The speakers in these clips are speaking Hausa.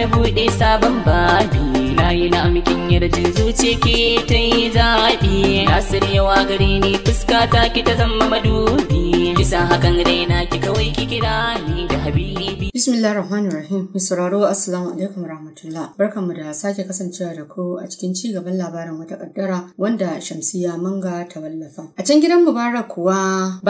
na bude sabon bani yayi na mikin jin zuci ki ta yi zaɓi na sarewa gare ni fuska ta ki ta zama madubi bisa hakan raina ki kawai ki kira ni da habibi bismillah rahman rahim mai sauraro assalamu alaikum rahmatullah barkanmu da sake kasancewa da ku a cikin ci gaban labarin wata kaddara wanda shamsiya manga ta wallafa a can gidan mubarak kuwa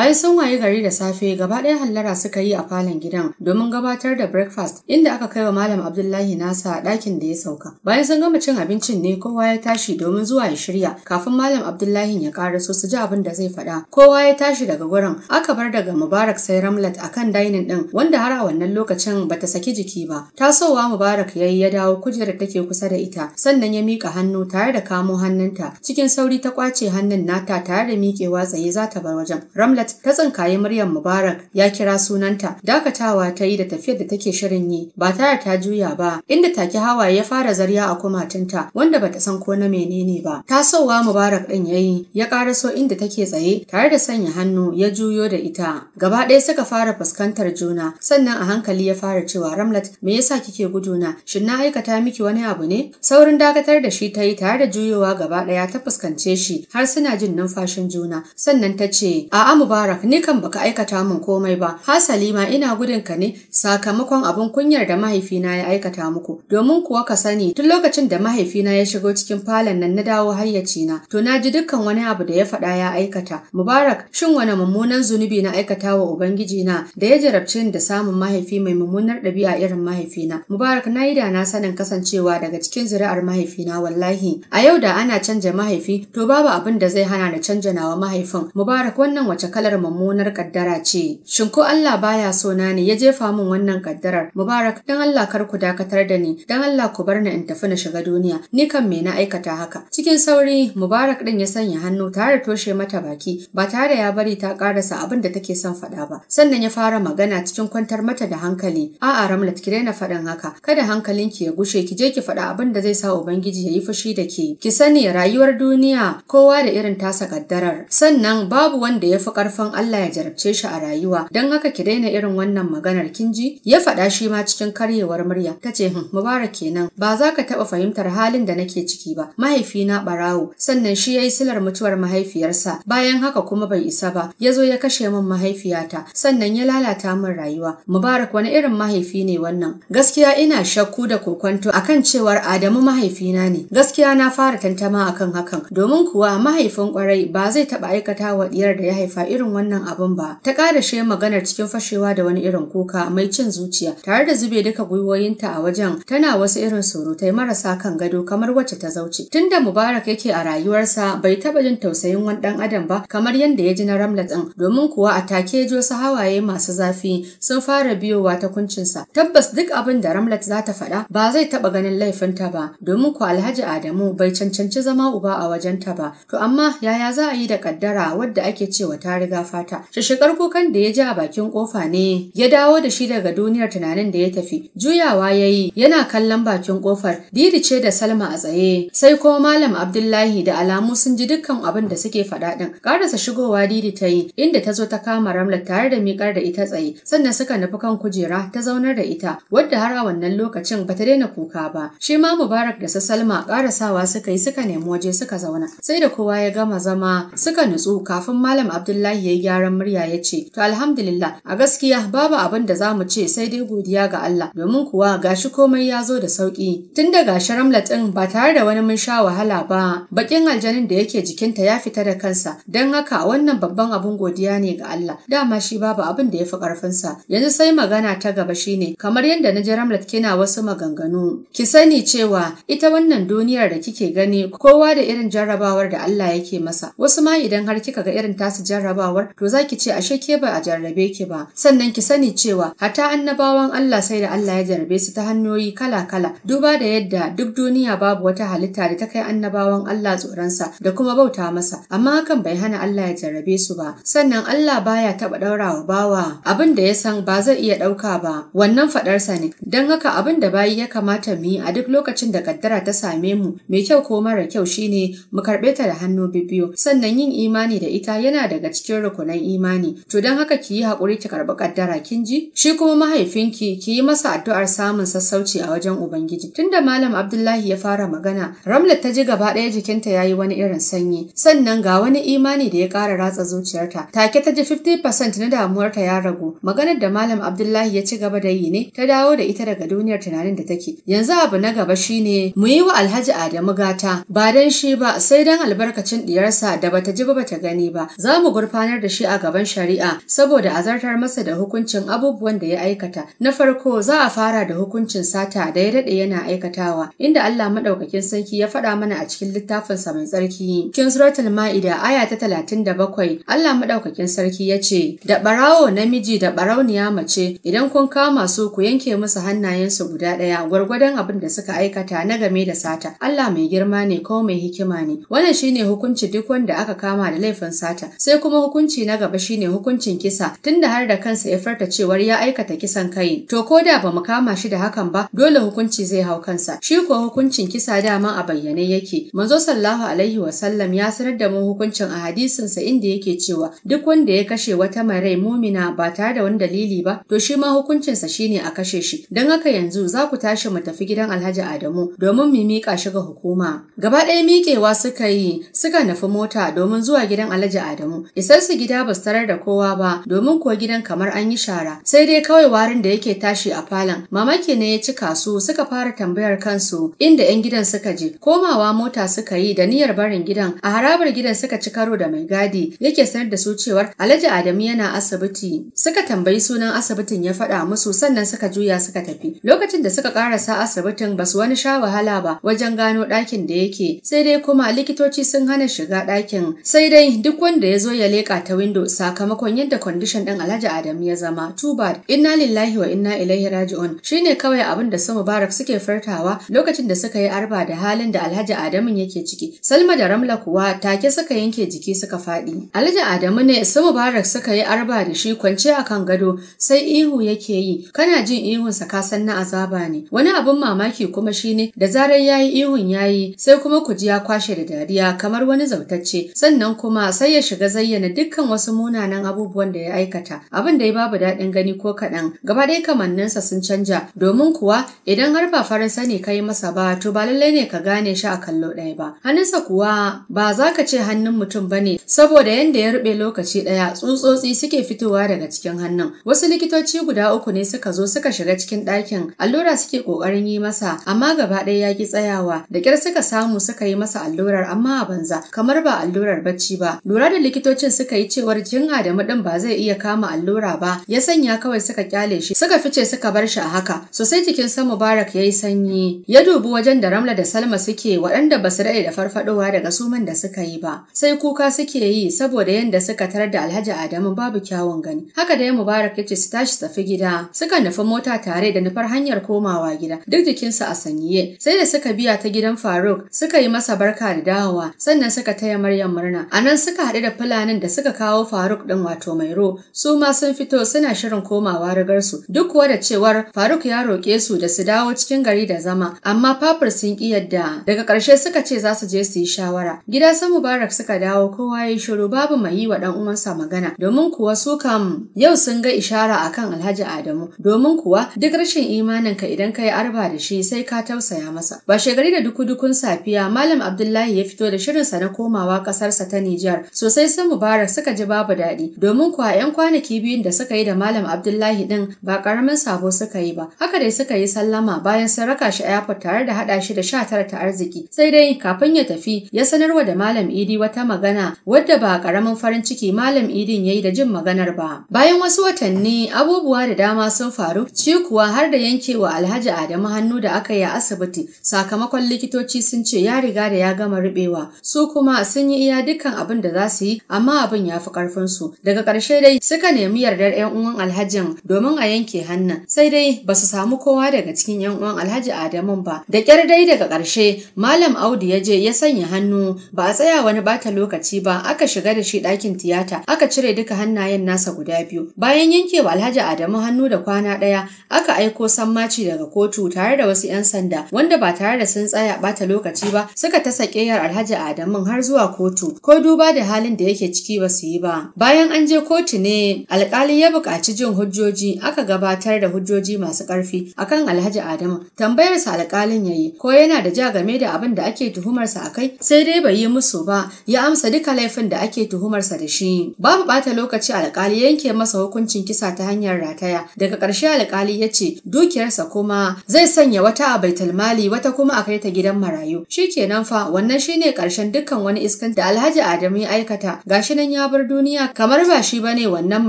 bayan sun waye gari da safe gaba ɗaya hallara suka yi a falon gidan domin gabatar da breakfast inda aka kai wa malam abdullahi nasa ɗakin da ya sauka bayan sun gama cin abincin ne kowa ya tashi domin zuwa ya shirya kafin Malam Abdullahi ya so su ji abin da zai faɗa. Kowa ya tashi daga gurin aka bar daga Mubarak sai Ramlat kan dainin ɗin, wanda har a wannan lokacin ba ta saki jiki ba. Tasowa Mubarak ya yi ya dawo kujerar take kusa da ita sannan ya mika hannu tare da kamo hannunta cikin sauri ta kwace hannun nata tare da miƙewa tsaye za ta bar wajen. Ramlat ta tsinkaye muryar Mubarak ya kira sunanta dakatawa ta yi da tafiyar da take shirin yi ba tare ta juya ba inda take hawaye ya fara zarya a kuma matinta wanda bata san ko na menene ba. ta sauwa Mubarak ɗin yayi ya karaso inda take tsaye tare da sanya hannu ya juyo da ita. Gaba ɗaya suka fara fuskantar juna sannan a hankali ya fara cewa Ramlat me yasa kike guduna? Shin na aikata miki wani abu ne? Saurin dakatar da shi ta yi tare da juyowa gaba ɗaya ta fuskance shi har suna jin numfashin juna sannan ta ce a'a Mubarak ni kan baka aikata min komai ba hasali ma ina gudun ka ne sakamakon abin kunyar da mahaifina ya aikata muku domin kuwa ka sani tun lokacin da mahaifina ya shigo cikin falon nan na dawo hayyacina, to na ji dukkan wani abu da ya faɗa ya aikata. Mubarak, shin wani mummunan zunubi na aikata wa Ubangiji na, da ya jarabci ni da samun mahaifi mai mummunar ɗabi'a irin mahaifina. Mubarak na yi da na sanin kasancewa daga cikin zuri'ar mahaifina wallahi. A yau da ana canja mahaifi, to babu abin da zai hana na canja nawa mahaifin. Mubarak wannan wace kalar mummunar kaddara ce. Shin ko Allah baya so na ne ya jefa min wannan kaddarar? Mubarak dan Allah kar ku dakatar da ni, dan Allah ku bar ni in tafi na shiga shiga duniya ni kan me na aikata haka cikin sauri mubarak din ya sanya hannu tare toshe mata baki ba tare ya bari ta karasa abin da take son faɗa ba sannan ya fara magana cikin kwantar mata da hankali a'a ramlat ki daina fadan haka kada hankalinki ya gushe ki je ki faɗa abin da zai sa ubangiji ya yi fushi da ke ki sani rayuwar duniya kowa da irin tasa kaddarar sannan babu wanda ya fi karfin Allah ya jarabce shi a rayuwa dan haka ki daina irin wannan maganar kin ji ya faɗa shi ma cikin karyewar murya ta ce mubarak kenan ba za ka taba fahimtar halin da nake ciki ba mahaifina barawo sannan shi ya yi silar mutuwar mahaifiyarsa bayan haka kuma bai isa ba ya zo ya kashe min mahaifiyata sannan ya lalata min rayuwa mubarak wani irin mahaifi ne wannan gaskiya ina shakku da kokonto akan cewar adamu mahaifina ne gaskiya na fara tantama akan hakan domin kuwa mahaifin kwarai ba zai taɓa aikata wa diyar da ya haifa irin wannan abin ba ta karashe maganar cikin fashewa da wani irin kuka mai cin zuciya tare da zube duka gwiwoyinta a wajen tana wasu irin surutai marasa sa kan gado kamar wacce ta zauce. Tunda Mubarak yake a rayuwarsa bai taɓa jin tausayin wani ɗan adam ba kamar yadda ya ji na Ramla ɗin domin kuwa a take jo su hawaye masu zafi sun fara biyowa ta kuncinsa. Tabbas duk abin da Ramlat za ta faɗa ba zai taɓa ganin laifin ta ba domin ku Alhaji Adamu bai cancanci zama uba a wajenta ba. To amma yaya za a yi da kaddara wadda ake cewa ta riga fata. Shishikar kukan da ya ji a bakin kofa ne ya dawo da shi daga duniyar tunanin da ya tafi. Juyawa ya yi yana kallon bakin kofar. Didi ce da Salma a tsaye sai ko Malam Abdullahi da alamu sun ji dukkan abin da suke faɗa ɗin. Karasa shigowa Didi ta yi inda ta zo ta kama Ramla tare da miƙar da ita tsaye sannan suka nufi kan kujera ta zaunar da ita wadda har a wannan lokacin ba ta daina kuka ba. Shi ma Mubarak da sasalma Salma karasawa suka yi suka nemi waje suka zauna sai da kowa ya gama zama suka nutsu kafin Malam Abdullahi ya yi gyaran murya ya ce to alhamdulillah a gaskiya babu abin da zamu ce sai dai godiya ga Allah domin kuwa gashi komai ya zo da sauki tun da gashi Jaramlet din ɗin ba tare da wani mun sha wahala ba. Bakin aljanin da yake jikinta ya fita da kansa, don haka wannan babban abun godiya ne ga Allah. Dama shi babu abin da ya fi ƙarfinsa. Yanzu sai magana ta gaba shine, kamar yadda na ji kina wasu maganganu. Ki sani cewa ita wannan duniyar da kike gani kowa da irin jarrabawar da Allah yake masa. Wasu ma idan har kika ga irin tasu jarrabawar to zaki ce ashe ke ba a jarrabe ki ba. Sannan ki sani cewa hata annabawan Allah sai da Allah ya jarrabe su ta hanyoyi kala-kala. Duba da yadda duk duniya babu wata halitta da ta kai annabawan Allah tsoronsa da kuma bauta masa amma hakan bai hana Allah ya jarrabe su ba sannan Allah baya taba daurawa bawa abin da ya san ba zai iya dauka ba wannan sa ne dan haka abin da bayi ya kamata mu yi a duk lokacin da kaddara ta same mu mai kyau ko mara kyau shine mu karbe ta da hannu bibiyo sannan yin imani da ita yana daga cikin rukunan imani to don haka ki yi hakuri ki karbi kaddara kin ji shi kuma mahaifinki ki yi masa addu'ar samun sassauci a wajen ubangiji tunda malam Abdullahi ya fara magana, Ramlat ta ji gaba ɗaya jikinta ya yi wani irin sanyi, sannan ga wani imani da ya ƙara ratsa zuciyarta. Take ta ji 50% na damuwarta ya ragu. Maganar da Malam Abdullahi ya ci gaba da yi ne ta dawo da ita daga duniyar tunanin da take. Yanzu abu na gaba shine mu yi wa Alhaji Adamu gata, ba dan shi ba sai dan albarkacin diyarsa da bata ji ba bata gani ba. Za mu gurfanar da shi a gaban shari'a saboda azartar masa da hukuncin abubuwan da ya aikata. Na farko za a fara da hukuncin sata da ya daɗe yana aikatawa inda Allah madaukakin sarki ya faɗa mana a cikin littafin sa mai tsarki. Cikin suratul Ma'ida aya ta 37 Allah madaukakin sarki ya ce da barawo namiji da barauniya mace idan kun kama su ku yanke musu hannayensu guda ɗaya gwargwadon abin da suka aikata na game da sata. Allah mai girma ne ko mai hikima ne. Wannan shine hukunci duk wanda aka kama da laifin sata. Sai kuma hukunci na gaba shine hukuncin kisa tunda har da kansa ya farta cewar ya aikata kisan kai. To ko da mu kama shi da hakan ba dole hukunci zai hau kansa. Shi ko hukuncin kisa dama a bayyane yake. Manzo sallallahu alaihi wasallam ya sanar da mu hukuncin a sa inda yake cewa duk wanda ya kashe wata marai mumina ba tare da wani dalili ba to shi ma hukuncin hukuncinsa shine a kashe shi. dan haka yanzu za ku tashi mu tafi gidan Alhaji Adamu domin mu miƙa shi ga hukuma. Gaba ɗaya miƙewa suka yi suka nufi mota domin zuwa gidan Alhaji Adamu. Isar su gida ba su tarar da kowa ba domin ko gidan kamar an yi shara. Sai dai kawai warin da yake tashi a falon. Mamaki ne ya cika su suka fara tambayar kansu gidansu inda 'yan gidan suka je komawa mota suka yi da niyyar barin gidan a harabar gidan suka ci karo da mai gadi yake sanar da su cewar Alhaji Adamu yana asibiti suka tambayi sunan asibitin ya faɗa musu sannan suka juya suka tafi lokacin da suka karasa asibitin basu wani sha wahala ba wajen gano ɗakin da yake sai dai kuma likitoci sun hana shiga ɗakin sai dai duk wanda ya zo ya leƙa ta windo sakamakon yadda kwandishan ɗin Alhaji Adamu ya zama too bad inna lillahi wa inna ilaihi raji'un shine kawai abin da su Mubarak suke furtawa lokacin da suka yi arba da halin da Alhaji Adamu yake ciki. Salma da Ramla kuwa take suka yanke jiki suka faɗi. Alhaji Adamu ne su Mubarak suka yi arba da shi kwance a kan gado sai ihu yake yi. Kana jin ihunsa ka san na azaba ne. Wani abin mamaki kuma shine da zarar yayi ihun yayi sai kuma kuji ya kwashe da dariya kamar wani zautacce sannan kuma sai ya shiga zayyana dukkan wasu munanan abubuwan da ya aikata. Abin da ya babu daɗin gani ko kaɗan. Gaba dai kamanninsa sun canja domin kuwa idan har ba farin sani kai masa ba to ba lallai ne ka gane shi a kallo ɗaya ba hannunsa kuwa ba za ka ce hannun mutum ba ne saboda yadda ya ruɓe lokaci ɗaya tsutsotsi suke fitowa daga cikin hannun wasu likitoci guda uku ne suka zo suka shiga cikin ɗakin allura suke ƙoƙarin yi masa amma gaba ɗaya ya ki tsayawa da ƙyar suka samu suka yi masa allurar amma a banza kamar ba allurar bacci ba lura da likitocin suka yi cewar jin Adamu ɗin ba zai iya kama allura ba ya sanya kawai suka kyale shi suka fice suka bar shi a haka sosai jikin sa Mubarak yayi sanyi ya ya dubi wajen da Ramla da Salma suke waɗanda ba su daɗe da farfadowa daga suman da suka yi ba, sai kuka suke yi saboda yadda suka tarar da Alhaji Adamu babu kyawun gani. Haka da ya Mubarak ya ce su tashi tafi gida, suka nufi mota tare da nufar hanyar komawa gida, duk jikinsu a sanyiye. Sai da suka biya ta gidan Faruk, suka yi masa barka da dawowa, sannan suka taya Maryam murna. A nan suka haɗu da fulanin da suka kawo Faruk ɗin wato Mairo, su ma sun fito suna shirin komawa rigarsu, duk kuwa da cewar Faruk ya roƙe su da su dawo cikin gari da zama, amma papar sun ƙi yadda daga ƙarshe suka ce za su je su yi shawara gida su mubarak suka dawo kowa ya yi shiru babu mai yi wa ɗan uwansa magana domin kuwa su kam yau sun ga ishara akan alhaji adamu domin kuwa duk rashin imanin ka idan ka yi arba da shi sai ka tausaya masa ba shegari da duku-dukun safiya malam abdullahi ya fito da shirinsa na komawa ƙasarsa ta nijar sosai sa mubarak suka ji babu daɗi domin kuwa 'yan kwanaki biyun da suka yi da malam abdullahi ɗin ba ƙaramin sabo suka yi ba haka dai suka yi sallama bayan sun raka shi airport tare da haɗa shi da sha tara ta arziki sai dai kafin ya tafi ya sanarwa da malam idi wata magana wadda ba ƙaramin farin ciki malam idin ya yi da jin maganar ba bayan wasu watanni abubuwa da dama sun faru ci kuwa har da yankewa alhaji adamu hannu da aka yi a asibiti sakamakon likitoci sun ce ya riga da ya gama ruɓewa, su kuma sun yi iya dukkan abin da za su yi amma abin ya fi ƙarfin su daga ƙarshe dai suka nemi yardar 'yan uwan alhajin domin a yanke hannun sai dai ba su samu kowa daga cikin 'yan uwan alhaji Adamu ba ba da kyar dai daga ƙarshe malam audu ya je ya sanya hannu ba a tsaya wani bata lokaci ba aka shiga da shi ɗakin tiyata aka cire duka hannayen nasa guda biyu bayan yanke wa alhaji adamu hannu da kwana ɗaya aka aiko sammaci daga kotu tare da wasu 'yan sanda wanda ba tare da sun tsaya bata lokaci ba suka ta sakeyar alhaji Adamu har zuwa kotu ko duba da halin da yake ciki ba su yi ba bayan an je kotu ne alkali ya buƙaci jin hujjoji aka gabatar da hujjoji masu ƙarfi akan alhaji adamu tambayar sa alƙalin ya yi ko yana da ja game da abin da ake tuhumarsa a kai sai dai bai yi musu ba ya amsa duka laifin da ake tuhumarsa da shi babu ɓata lokaci alƙali yanke masa hukuncin kisa ta hanyar rataya daga ƙarshe alƙali ya ce dukiyarsa kuma zai sanya wata a baitul mali wata kuma a kai ta gidan marayu Shi shikenan fa wannan shine ƙarshen dukkan wani iskan da Alhaji Adamu ya aikata gashi nan ya bar duniya kamar ba shi bane wannan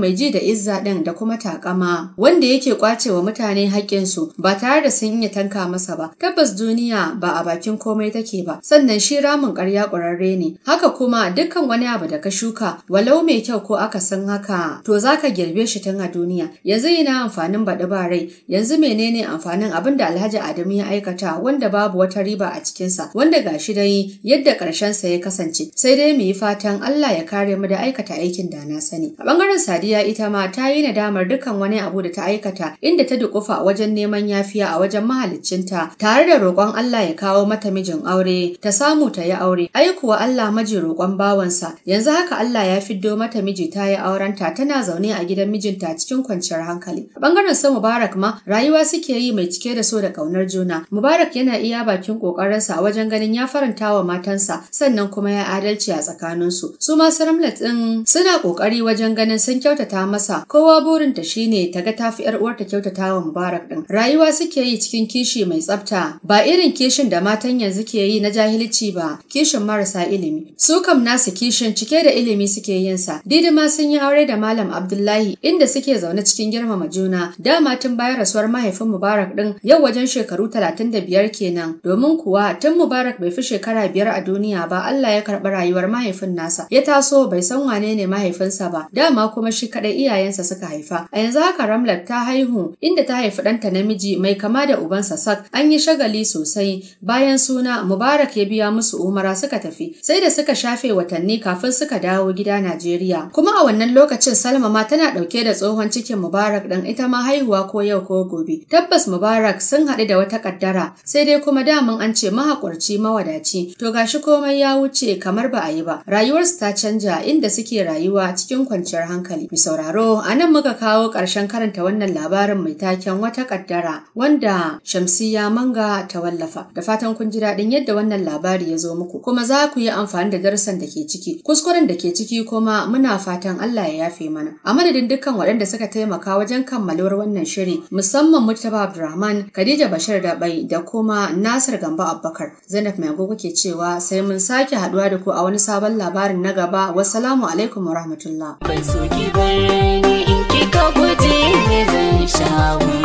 mai ji da izza din da kuma takama wanda yake kwacewa mutane haƙƙinsu ba tare da sun iya tanka masa ba Tabbas duniya ba a bakin komai take ba, sannan shi ramin ƙarya ƙwararre ne. Haka kuma dukkan wani abu da ka shuka, walau mai kyau ko aka san haka, to za ka girbe shi tun a duniya. Yanzu ina amfanin baɗi ba rai, yanzu menene amfanin abin da Alhaji Adamu ya aikata wanda babu wata riba a cikinsa, wanda ga shi dai yadda ƙarshensa ya kasance. Sai dai mu yi fatan Allah ya kare mu da aikata aikin da na sani. A ɓangaren Sadiya ita ma ta yi nadamar dukkan wani abu da ta aikata inda ta dukufa wajen neman yafiya a wajen mahaliccinta tare da roƙon Allah ya kawo mata mijin aure ta samu ta yi aure ai kuwa Allah maji roƙon bawansa yanzu haka Allah ya fiddo mata miji ta yi aurenta tana zaune a gidan mijinta cikin kwanciyar hankali bangaren sa Mubarak ma rayuwa suke yi mai cike da so da kaunar juna Mubarak yana iya bakin kokarinsa wajen ganin ya faranta wa matansa sannan kuma ya adalci a tsakaninsu su ma Ramlat din suna kokari wajen ganin sun kyautata masa kowa burinta shine ta ga tafi yar uwarta kyautata wa Mubarak ɗin. rayuwa suke yi cikin kishi mai tsafta mata ba irin kishin da matan yanzu ke yi na jahilci ba kishin marasa ilimi su kam nasu kishin cike da ilimi suke yin sa didima sun yi aure da malam Abdullahi inda suke zaune cikin girmama juna dama tun bayan rasuwar mahaifin Mubarak din yau wajen shekaru 35 kenan domin kuwa tun Mubarak bai fi shekara biyar a duniya ba Allah ya karɓi rayuwar mahaifin nasa ya taso bai san wane ne mahaifinsa ba dama kuma shi kaɗai iyayensa suka haifa a yanzu haka Ramlat ta haihu inda ta haifi ɗanta namiji mai kama da ubansa Sak an yi shagali sosai bayan suna Mubarak ya biya musu umara suka tafi sai da suka shafe watanni kafin suka dawo gida Najeriya kuma a wannan lokacin Salma ma tana dauke da tsohon cikin Mubarak dan ita ma haihuwa ko yau ko gobe tabbas Mubarak sun haɗu da wata kaddara sai dai kuma daman an ce mahaƙurci mawadaci to gashi komai ya wuce kamar ba a yi ba rayuwarsu ta canja inda suke rayuwa cikin kwanciyar hankali mi sauraro anan muka kawo ƙarshen karanta wannan labarin mai taken wata kaddara wanda Shamsiyya Manga Manga ta wallafa. Da fatan kun ji daɗin yadda wannan labari ya zo muku kuma za ku yi amfani da darsan da ke ciki. Kuskuren da ke ciki kuma muna fatan Allah ya yafe mana. A madadin dukkan waɗanda suka taimaka wajen kammaluwar wannan shiri musamman Murtaba Abdulrahman, Khadija Bashir bai da kuma Nasir Gambo Abubakar. Zainab Mai Agogo ke cewa sai mun sake haɗuwa da ku a wani sabon labarin na gaba. Wassalamu alaikum wa rahmatullah. Ban soki in kika guje ne zan shawo.